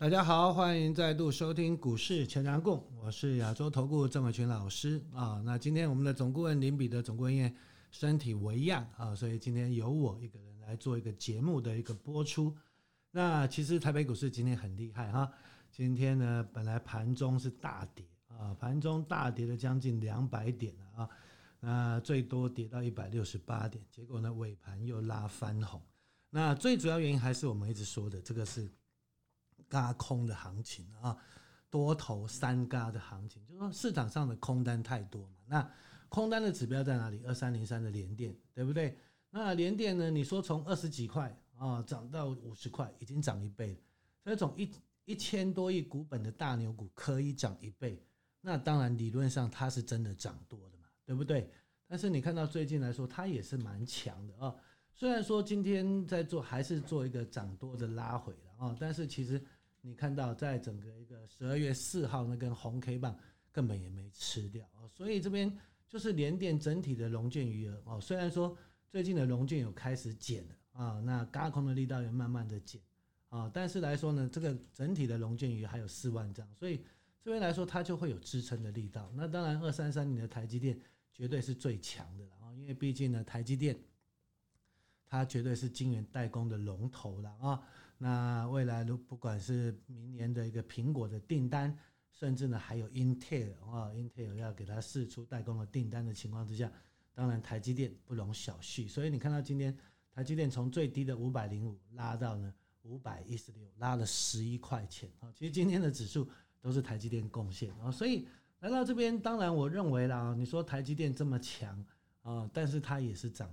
大家好，歡迎再度收聽股市強強滾，我是亞洲投顧鄭偉群老師啊。那今天我們的總顧問林彼得總顧問因身體微恙啊，所以今天由我一個人來做一個節目的一個播出。那其實台北股市今天很厲害哈、啊，今天呢本來盤中是大跌啊，盤中大跌了將近兩百點啊，那最多跌到一百六十八點，結果呢尾盤又拉翻紅。那最主要原因還是我們一直說的這個是。軋空的行情啊，多頭三軋的行情，就是說市場上的空單太多嘛。那空單的指標在哪裡？二三零三的聯電，對不對？那聯電呢？你說從二十幾塊啊、哦、漲到五十塊，已經漲一倍了。所以從一一千多億股本的大牛股可以漲一倍，那當然理論上它是真的漲多的嘛，對不對？但是你看到最近來說，它也是蠻強的啊。雖然說今天在做還是做一個漲多的拉回的啊、哦，但是其實。你看到在整個一個十二月四號那根紅 K 棒根本也沒吃掉，所以這邊就是聯電整體的融券餘額哦。雖然說最近的融券有開始減了啊，那軋空的力道也慢慢的減啊，但是來說呢，這個整體的融券餘還有四萬張，所以這邊來說它就會有支撐的力道。那當然二三三零的台積電絕對是最強的了啊，因為畢竟呢台積電。它絕對是晶圓代工的龍頭了啊、哦！那未來如不管是明年的一個蘋果的訂單，甚至呢還有 Intel、哦、Intel 要給它釋出代工的訂單的情況之下，當然台積電不容小覷。所以你看到今天台積電從最低的五百零五拉到呢五百一十六，拉了十一塊錢啊、哦！其實今天的指數都是台積電貢獻啊，所以來到這邊，當然我認為啦，你說台積電這麼強啊、哦，但是它也是漲。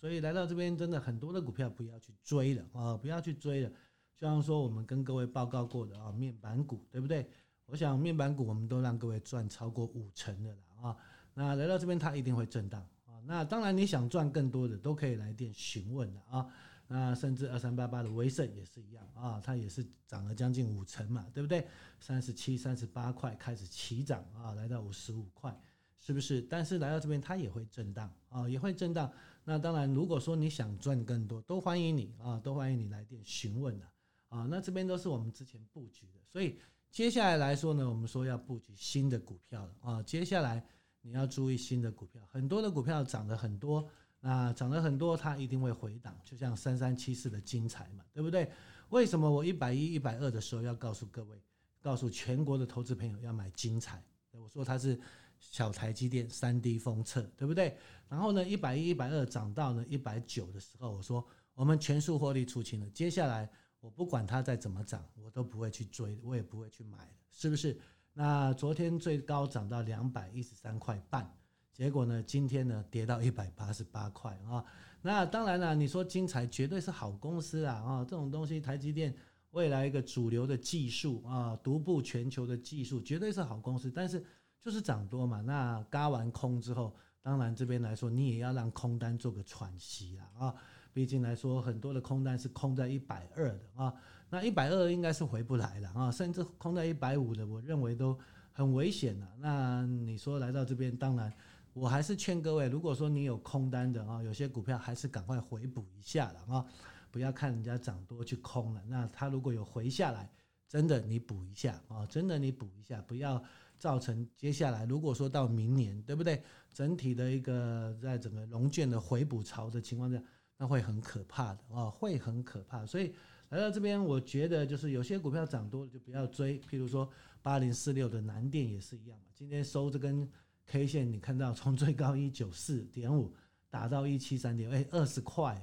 所以來到這邊，真的很多的股票不要去追了啊，不要去追了。就像說我們跟各位報告過的啊，面板股對不對？我想面板股我們都讓各位賺超過五成的啊。那來到這邊它一定會震盪啊。那當然你想賺更多的都可以來電詢問的啊。那甚至二三八八的威盛也是一樣啊，它也是漲了將近五成嘛，對不對？三十七、三十八塊開始起漲啊，來到五十五塊，是不是？但是來到這邊它也會震盪啊，也會震盪。那當然，如果說你想賺更多，都歡迎你啊，都歡迎你來電詢問的啊，啊。那這邊都是我們之前布局的，所以接下來來說呢，我們說要布局新的股票了啊。接下來你要注意新的股票，很多的股票漲得很多，啊，漲得很多它一定會回檔，就像三三七四的精材嘛，對不對？為什麼我一百一、一百二的時候要告訴各位、告訴全國的投資朋友要買精材？我說它是。小台積電三 D 封測，對不對？然後呢，一百一、一百二漲到呢一百九的時候，我說我們全數獲利出清了。接下來我不管它再怎麼漲，我都不會去追，我也不會去買，是不是？那昨天最高漲到兩百一十三塊半，結果呢，今天呢跌到一百八十八塊啊、哦。那當然了，你說精彩絕對是好公司啊啊、哦，這種東西台積電未來一個主流的技術啊、哦，獨步全球的技術，絕對是好公司，但是。就是漲多嘛，那軋完空之後，當然這邊來說，你也要讓空單做個喘息啦啊，畢竟來說，很多的空單是空在一百二的啊，那一百二應該是回不來了啊，甚至空在一百五的，我認為都很危險了啊。那你說來到這邊，當然我還是勸各位，如果說你有空單的啊，有些股票還是趕快回補一下了啊，不要看人家漲多去空了。那他如果有回下來，真的你補一下啊，真的你補一下，不要。造成接下來，如果說到明年，對不對？整體的一個在整個融券的回補潮的情況下，那會很可怕的啊、哦，會很可怕。所以來到這邊，我覺得就是有些股票漲多了就不要追，譬如說八零四六的南電也是一樣嘛。今天收這根 K 線，你看到從最高一九四點五打到一七三點，哎、啊，二十塊，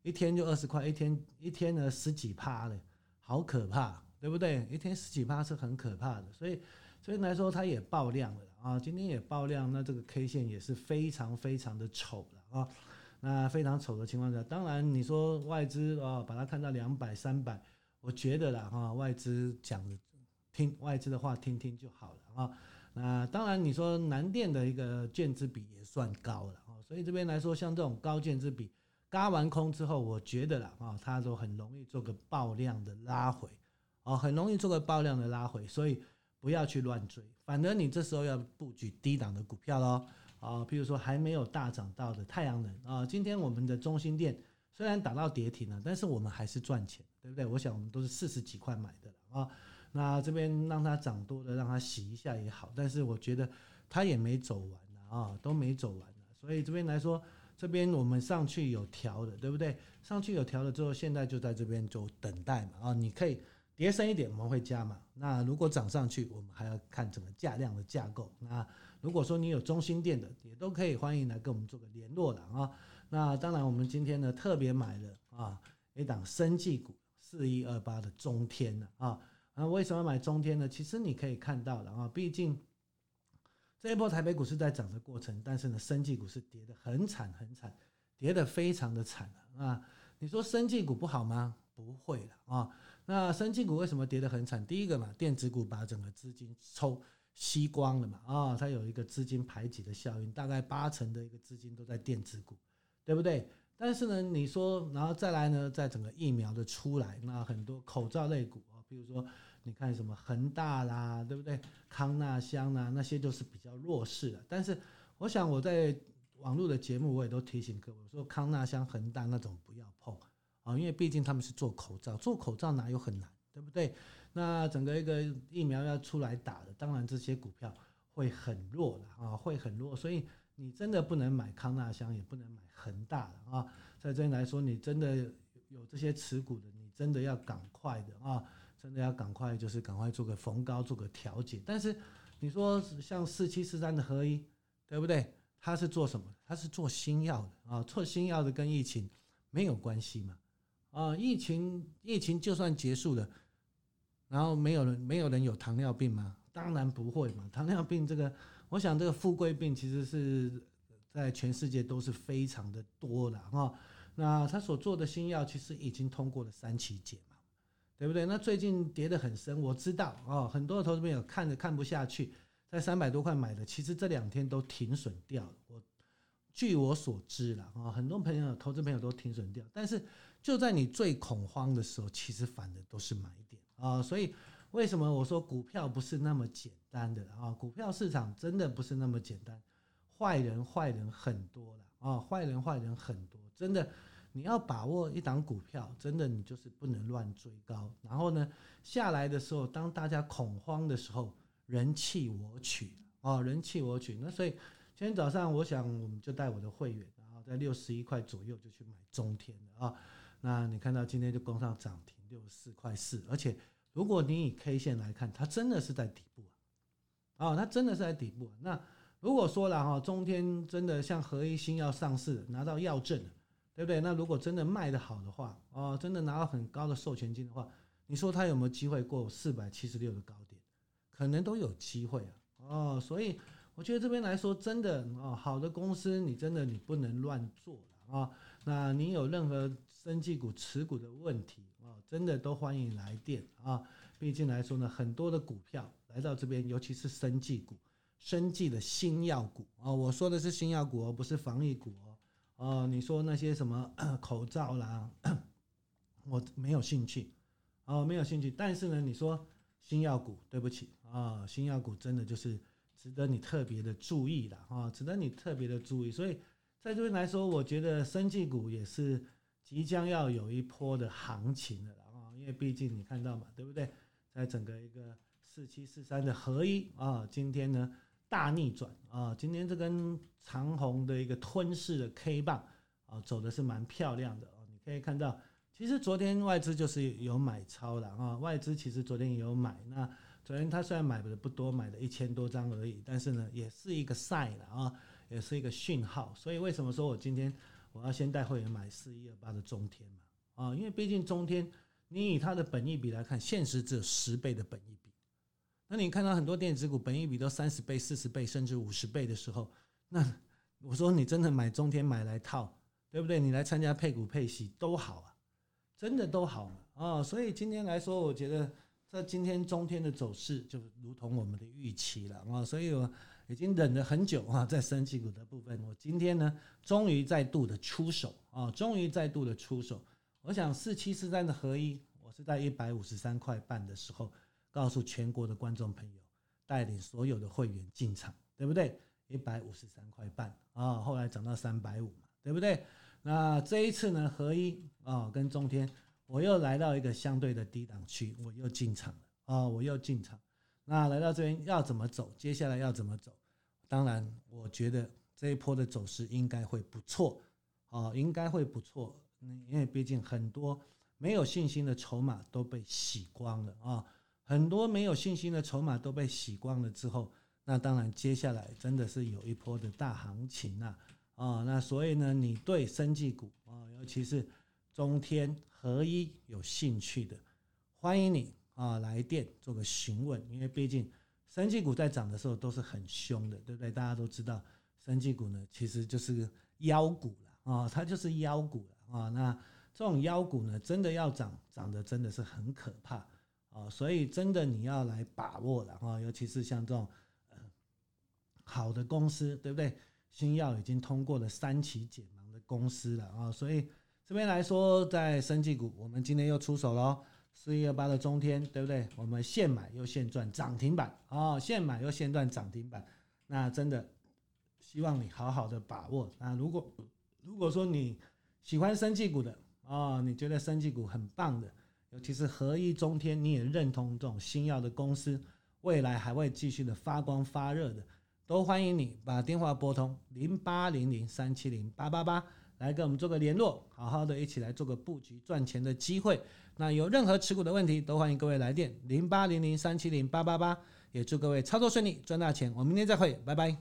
一天就二十塊，一天一天呢十幾趴的，好可怕，對不對？一天十幾趴是很可怕的，所以。所以來說，它也爆量了啊！今天也爆量，那這個 K 線也是非常非常的醜了啊！那非常醜的情況下，當然你說外資啊、哦，把它看到兩百、三百，我覺得啦。外資講聽外資的話，聽聽就好了啊！那當然你說南電的一個券資比也算高了啊，所以這邊來說，像這種高券資比，嘎完空之後，我覺得啦。啊，它都很容易做個爆量的拉回，哦，很容易做個爆量的拉回，所以。不要去亂追，反而你這時候要布局低檔的股票咯。啊、呃，譬如說還沒有大漲到的太陽能啊、呃，今天我們的中心店雖然打到跌停了，但是我們還是賺錢，對不對？我想我們都是四十幾塊買的了啊，那這邊讓它漲多了，讓它洗一下也好，但是我覺得它也沒走完呢啊，啊，都沒走完呢、啊，所以這邊來說，這邊我們上去有調的，對不對？上去有調了之後，現在就在這邊就等待嘛啊，你可以。跌深一點我們會加嘛？那如果漲上去，我們還要看整個價量的架構。那如果說你有中心店的，也都可以歡迎來跟我們做個聯絡的啊。那當然，我們今天呢特別買了啊一檔生技股四一二八的中天啊。那為什麼要買中天呢？其實你可以看到了啊，畢竟這一波台北股市在漲的過程，但是呢，生技股是跌的很慘很慘，跌的非常的慘啊。你說生技股不好嗎？不會的啊、哦！那生技股為什麼跌得很慘？第一個嘛，電子股把整個資金抽吸光了嘛啊、哦，它有一個資金排擠的效應，大概八成的一個資金都在電子股，對不對？但是呢，你說然後再來呢，在整個疫苗的出來，那很多口罩類股啊，比如說你看什麼恆大啦，對不對？康那香啊，那些就是比較弱勢的。但是我想我在網絡的節目我也都提醒各位說，康那香、恆大那種不要。因為畢竟他們是做口罩，做口罩哪有很難，對不對？那整個一個疫苗要出來打的，當然這些股票會很弱的啊，會很弱。所以你真的不能買康那香，也不能買恆大的啊。在這裡來說，你真的有這些持股的，你真的要趕快的啊，真的要趕快，就是趕快做個逢高做個調節。但是你說像四七四三的合一，對不對？它是做什麼的？它是做新藥的啊，做新藥的跟疫情沒有關係嘛？啊、哦，疫情疫情就算結束了，然後沒有人沒有人有糖尿病嗎？當然不會嘛。糖尿病這個，我想這個富貴病其實是在全世界都是非常的多的哈、哦。那他所做的新藥其實已經通過了三期解嘛，對不對？那最近跌得很深，我知道哦，很多投資朋友看着看不下去，在三百多塊買的，其實這兩天都停損掉了。我據我所知了啊、哦，很多朋友投資朋友都停損掉，但是。就在你最恐慌的時候，其實反的都是買點啊，所以為什麼我說股票不是那麼簡單的啊？股票市場真的不是那麼簡單，壞人壞人很多了啊，壞人壞人很多，真的你要把握一檔股票，真的你就是不能亂追高，然後呢下來的時候，當大家恐慌的時候，人棄我取啊，人棄我取，那所以今天早上我想我們就帶我的會員，然後在六十一塊左右就去買中天的啊。那你看到今天就攻上漲停六十四塊四，而且如果你以 K 線來看，它真的是在底部啊，哦、它真的是在底部、啊。那如果說了哈，中天真的像合一新要上市，拿到藥證，對不對？那如果真的賣得好的話，哦，真的拿到很高的授權金的話，你說它有沒有機會過四百七十六的高點？可能都有機會啊，哦，所以我覺得這邊來說，真的哦，好的公司你真的你不能亂做啊。哦那你有任何生技股持股的問題哦，真的都歡迎來電啊！畢竟來說呢，很多的股票來到這邊，尤其是生技股、生技的新藥股啊，我說的是新藥股哦，不是防疫股哦。你說那些什麼口罩啦，我沒有興趣哦，沒有興趣。但是呢，你說新藥股，對不起啊，新藥股真的就是值得你特別的注意的啊，值得你特別的注意，所以。在這邊來說，我覺得生技股也是即將要有一波的行情了，因為畢竟你看到嘛，對不對？在整個一個四七四三的合一啊、哦，今天呢大逆轉啊、哦，今天這根長虹的一個吞噬的 K 棒啊、哦，走的是蠻漂亮的。你可以看到，其實昨天外資就是有買超的啊、哦，外資其實昨天也有買，那昨天他雖然買的不多，買了一千多張而已，但是呢，也是一個 sign 了啊。哦。也是一個訊號，所以為什麼說我今天我要先帶會員買四一二八的中天嘛？啊，因為畢竟中天，你以它的本益比來看，現實只有十倍的本益比。那你看到很多電子股本益比都三十倍、四十倍，甚至五十倍的時候，那我說你真的買中天買來套，對不對？你來參加配股配息都好啊，真的都好啊。所以今天來說，我覺得在今天中天的走勢就如同我們的預期了啊，所以我。已經忍了很久啊，在生技股的部分，我今天呢，終於再度的出手啊、哦，終於再度的出手。我想四七四三的合一，我是在一百五十三塊半的時候，告訴全國的觀眾朋友，帶領所有的會員進場，對不對？一百五十三塊半啊、哦，後來漲到三百五嘛，對不對？那這一次呢，合一啊、哦，跟中天，我又來到一個相對的低檔區，我又進場了啊、哦，我又進場。那來到這邊要怎麼走？接下來要怎麼走？當然，我覺得這一波的走勢應該會不錯，啊、哦，應該會不錯。因為畢竟很多沒有信心的籌碼都被洗光了啊、哦，很多沒有信心的籌碼都被洗光了之後，那當然接下來真的是有一波的大行情吶、啊，啊、哦，那所以呢，你對生技股啊、哦，尤其是中天合一有興趣的，歡迎你啊、哦、來電做個詢問，因為畢竟。生技股在漲的時候都是很兇的，對不對？大家都知道，生技股呢其實就是妖股啊、哦，它就是妖股啊、哦。那這種妖股呢，真的要漲，漲得真的是很可怕啊、哦。所以真的你要來把握了啊、哦，尤其是像這種、呃、好的公司，對不對？新藥已經通過了三期解盲的公司了啊、哦。所以這邊來說，在生技股，我們今天又出手嘍。四一二八的中天，對不對？我們現買又現賺漲停板哦，現買又現賺漲停板，那真的希望你好好的把握。那如果如果說你喜歡生技股的哦，你覺得生技股很棒的，尤其是合一中天，你也認同這種新藥的公司未來還會繼續的發光發熱的，都歡迎你把電話撥通零八零零三七零八八八。來跟我們做個聯絡，好好的一起來做個布局賺錢的機會。那有任何持股的問題，都歡迎各位來電零八零零三七零八八八。8 8，也祝各位操作順利，賺大錢。我明天再會，拜拜。